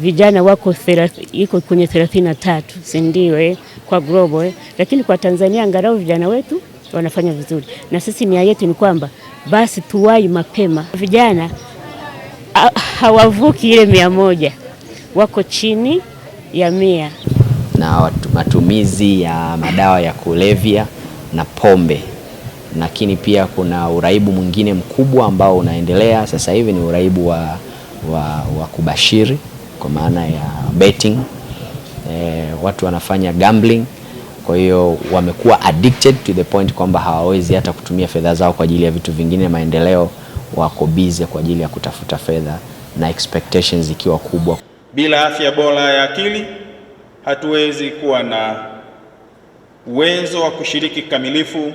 vijana wako iko kwenye thelathini na tatu si ndio? Eh? Kwa global, eh? lakini kwa Tanzania angalau vijana wetu wanafanya vizuri, na sisi nia yetu ni kwamba basi tuwai mapema. Vijana ah, hawavuki ile mia moja, wako chini ya mia na matumizi ya madawa ya kulevya na pombe, lakini pia kuna uraibu mwingine mkubwa ambao unaendelea sasa hivi ni uraibu wa, wa, wa kubashiri kwa maana ya betting e, watu wanafanya gambling. Kwa hiyo wamekuwa addicted to the point kwamba hawawezi hata kutumia fedha zao kwa ajili ya vitu vingine maendeleo, wako busy kwa ajili ya kutafuta fedha na expectations ikiwa kubwa. Bila afya bora ya akili, hatuwezi kuwa na uwezo wa kushiriki kikamilifu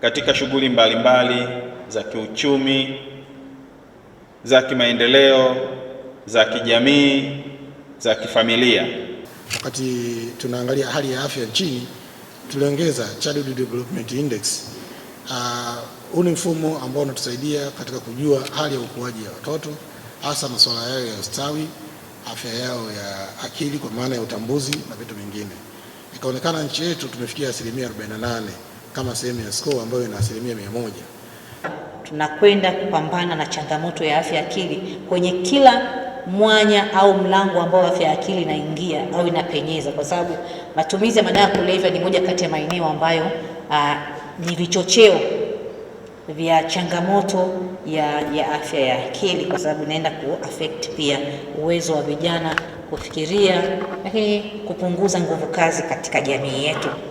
katika shughuli mbalimbali za kiuchumi za kimaendeleo za kijamii za kifamilia. Wakati tunaangalia hali ya afya nchini, tuliongeza Childhood Development Index. Ah, huu uh, ni mfumo ambao unatusaidia katika kujua hali ya ukuaji ya watoto, hasa masuala yao ya ustawi, afya yao ya akili kwa maana ya utambuzi na vitu vingine. Ikaonekana nchi yetu tumefikia asilimia 48 kama sehemu ya score ambayo ina asilimia 100 Tunakwenda kupambana na changamoto ya afya akili kwenye kila mwanya au mlango ambao afya ya akili inaingia au inapenyeza, kwa sababu matumizi ya madawa ya kulevya ni moja kati ya maeneo ambayo aa, ah, ni vichocheo vya changamoto ya, ya afya ya akili, kwa sababu inaenda kuaffect pia uwezo wa vijana kufikiria, lakini kupunguza nguvu kazi katika jamii yetu.